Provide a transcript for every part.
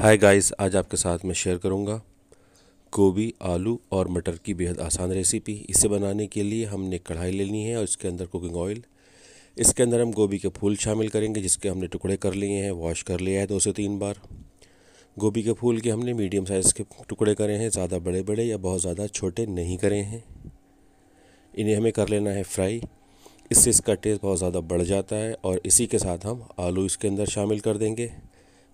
हाय guys आज आपके साथ मैं शेयर करूंगा गोभी आलू और मटर की बेहद आसान रेसिपी इसे बनाने के लिए हमने कढ़ाई लेनी है और इसके अंदर कुकिंग ऑयल इसके अंदर हम गोभी के फूल शामिल करेंगे जिसके हमने टुकड़े कर लिए हैं वॉश कर लिया है दो से तीन बार गोभी के फूल के हमने मीडियम साइज़ के टुकड़े करे हैं ज़्यादा बड़े बड़े या बहुत ज़्यादा छोटे नहीं करे हैं इन्हें हमें कर लेना है फ्राई इससे इसका टेस्ट बहुत ज़्यादा बढ़ जाता है और इसी के साथ हम आलू इसके अंदर शामिल कर देंगे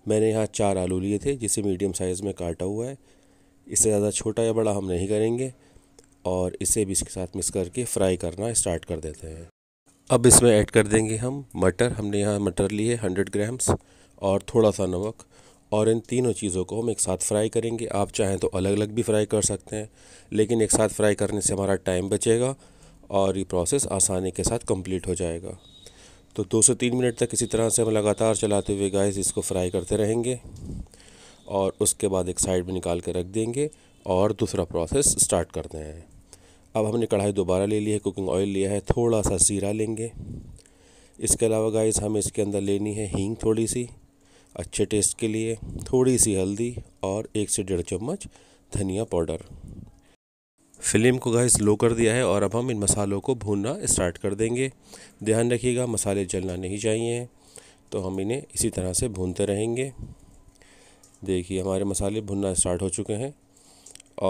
मैंने यहाँ चार आलू लिए थे जिसे मीडियम साइज़ में काटा हुआ है इससे ज़्यादा छोटा या बड़ा हम नहीं करेंगे और इसे भी इसके साथ मिक्स करके फ्राई करना स्टार्ट कर देते हैं अब इसमें ऐड कर देंगे हम मटर हमने यहाँ मटर लिए हंड्रेड ग्राम्स और थोड़ा सा नमक और इन तीनों चीज़ों को हम एक साथ फ्राई करेंगे आप चाहें तो अलग अलग भी फ्राई कर सकते हैं लेकिन एक साथ फ्राई करने से हमारा टाइम बचेगा और ये प्रोसेस आसानी के साथ कंप्लीट हो जाएगा तो दो से तीन मिनट तक इसी तरह से हम लगातार चलाते हुए गैस इसको फ्राई करते रहेंगे और उसके बाद एक साइड में निकाल कर रख देंगे और दूसरा प्रोसेस स्टार्ट करते हैं अब हमने कढ़ाई दोबारा ले ली है कुकिंग ऑयल लिया है थोड़ा सा सीरा लेंगे इसके अलावा गाइस हमें इसके अंदर लेनी है हींग थोड़ी सी अच्छे टेस्ट के लिए थोड़ी सी हल्दी और एक से डेढ़ चम्मच धनिया पाउडर फ्लेम को गैस लो कर दिया है और अब हम इन मसालों को भूनना स्टार्ट कर देंगे ध्यान रखिएगा मसाले जलना नहीं चाहिए तो हम इन्हें इसी तरह से भूनते रहेंगे देखिए हमारे मसाले भुनना स्टार्ट हो चुके हैं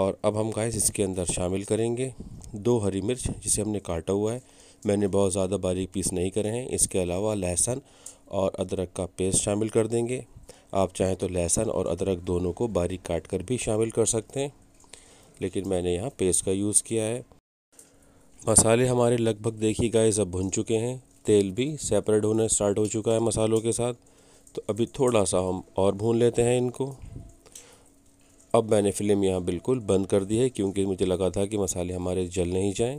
और अब हम गैस इसके अंदर शामिल करेंगे दो हरी मिर्च जिसे हमने काटा हुआ है मैंने बहुत ज़्यादा बारीक पीस नहीं करे हैं इसके अलावा लहसुन और अदरक का पेस्ट शामिल कर देंगे आप चाहें तो लहसुन और अदरक दोनों को बारीक काट कर भी शामिल कर सकते हैं लेकिन मैंने यहाँ पेस्ट का यूज़ किया है मसाले हमारे लगभग देखिए गाय सब भुन चुके हैं तेल भी सेपरेट होना स्टार्ट हो चुका है मसालों के साथ तो अभी थोड़ा सा हम और भून लेते हैं इनको अब मैंने फ्लेम यहाँ बिल्कुल बंद कर दी है क्योंकि मुझे लगा था कि मसाले हमारे जल नहीं जाएं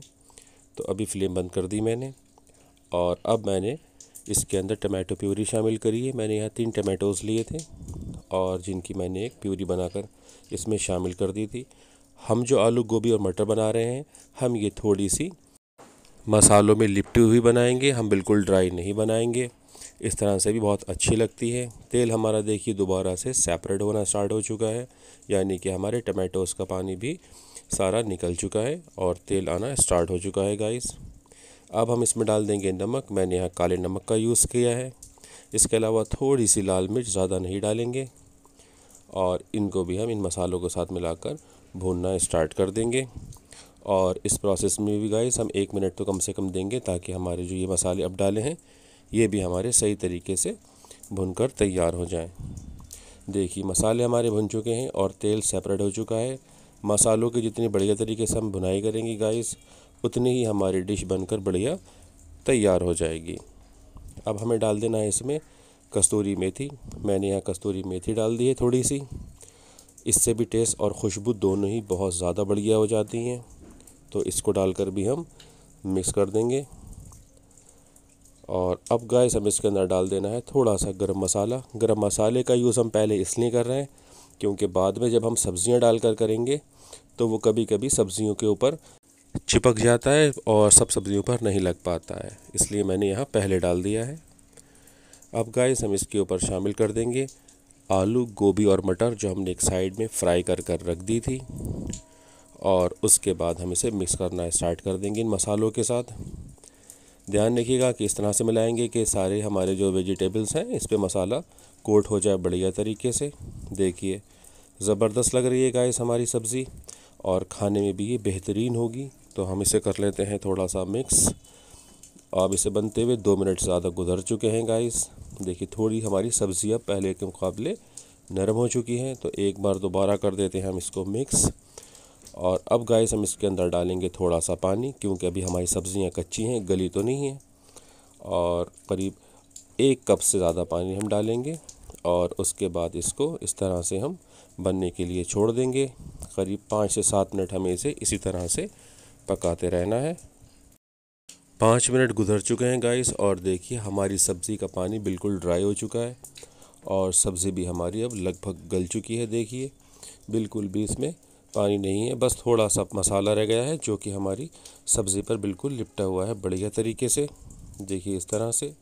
तो अभी फ्लेम बंद कर दी मैंने और अब मैंने इसके अंदर टमाटो प्यूरी शामिल करी है मैंने यहाँ तीन टमाटोज़ लिए थे और जिनकी मैंने एक प्यूरी बनाकर इसमें शामिल कर दी थी हम जो आलू गोभी और मटर बना रहे हैं हम ये थोड़ी सी मसालों में लिपटी हुई बनाएंगे हम बिल्कुल ड्राई नहीं बनाएंगे इस तरह से भी बहुत अच्छी लगती है तेल हमारा देखिए दोबारा से सेपरेट होना स्टार्ट हो चुका है यानी कि हमारे टमाटोज़ का पानी भी सारा निकल चुका है और तेल आना स्टार्ट हो चुका है गाइस अब हम इसमें डाल देंगे नमक मैंने यहाँ काले नमक का यूज़ किया है इसके अलावा थोड़ी सी लाल मिर्च ज़्यादा नहीं डालेंगे और इनको भी हम इन मसालों के साथ मिलाकर भूनना स्टार्ट कर देंगे और इस प्रोसेस में भी गाइस हम एक मिनट तो कम से कम देंगे ताकि हमारे जो ये मसाले अब डाले हैं ये भी हमारे सही तरीके से भुनकर तैयार हो जाएं देखिए मसाले हमारे भुन चुके हैं और तेल सेपरेट हो चुका है मसालों की जितनी बढ़िया तरीके से हम भुनाई करेंगे गाइस उतनी ही हमारी डिश बनकर बढ़िया तैयार हो जाएगी अब हमें डाल देना है इसमें कस्तूरी मेथी मैंने यहाँ कस्तूरी मेथी डाल दी है थोड़ी सी इससे भी टेस्ट और खुशबू दोनों ही बहुत ज़्यादा बढ़िया हो जाती हैं तो इसको डालकर भी हम मिक्स कर देंगे और अब गाइस हम इसके अंदर डाल देना है थोड़ा सा गरम मसाला गरम मसाले का यूज़ हम पहले इसलिए कर रहे हैं क्योंकि बाद में जब हम सब्ज़ियाँ डाल कर करेंगे तो वो कभी कभी सब्ज़ियों के ऊपर चिपक जाता है और सब सब्ज़ियों पर नहीं लग पाता है इसलिए मैंने यहाँ पहले डाल दिया है अब गाइस हम इसके ऊपर शामिल कर देंगे आलू गोभी और मटर जो हमने एक साइड में फ्राई कर कर रख दी थी और उसके बाद हम इसे मिक्स करना स्टार्ट कर देंगे इन मसालों के साथ ध्यान रखिएगा कि इस तरह से मिलाएंगे कि सारे हमारे जो वेजिटेबल्स हैं इस पर मसाला कोट हो जाए बढ़िया तरीके से देखिए ज़बरदस्त लग रही है गाइस हमारी सब्ज़ी और खाने में भी ये बेहतरीन होगी तो हम इसे कर लेते हैं थोड़ा सा मिक्स अब इसे बनते हुए दो मिनट ज़्यादा गुजर चुके हैं गाइस देखिए थोड़ी हमारी सब्ज़ियाँ पहले के मुकाबले नरम हो चुकी हैं तो एक बार दोबारा कर देते हैं हम इसको मिक्स और अब गाइस हम इसके अंदर डालेंगे थोड़ा सा पानी क्योंकि अभी हमारी सब्ज़ियाँ कच्ची हैं गली तो नहीं है और करीब एक कप से ज़्यादा पानी हम डालेंगे और उसके बाद इसको इस तरह से हम बनने के लिए छोड़ देंगे करीब पाँच से सात मिनट हमें इसे इसी तरह से पकाते रहना है पाँच मिनट गुजर चुके हैं गाइस और देखिए हमारी सब्ज़ी का पानी बिल्कुल ड्राई हो चुका है और सब्ज़ी भी हमारी अब लगभग गल चुकी है देखिए बिल्कुल भी इसमें पानी नहीं है बस थोड़ा सा मसाला रह गया है जो कि हमारी सब्ज़ी पर बिल्कुल लिपटा हुआ है बढ़िया तरीके से देखिए इस तरह से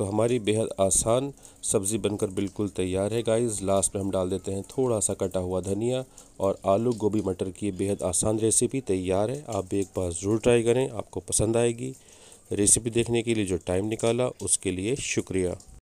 तो हमारी बेहद आसान सब्ज़ी बनकर बिल्कुल तैयार है गाइस लास्ट में हम डाल देते हैं थोड़ा सा कटा हुआ धनिया और आलू गोभी मटर की बेहद आसान रेसिपी तैयार है आप भी एक बार ज़रूर ट्राई करें आपको पसंद आएगी रेसिपी देखने के लिए जो टाइम निकाला उसके लिए शुक्रिया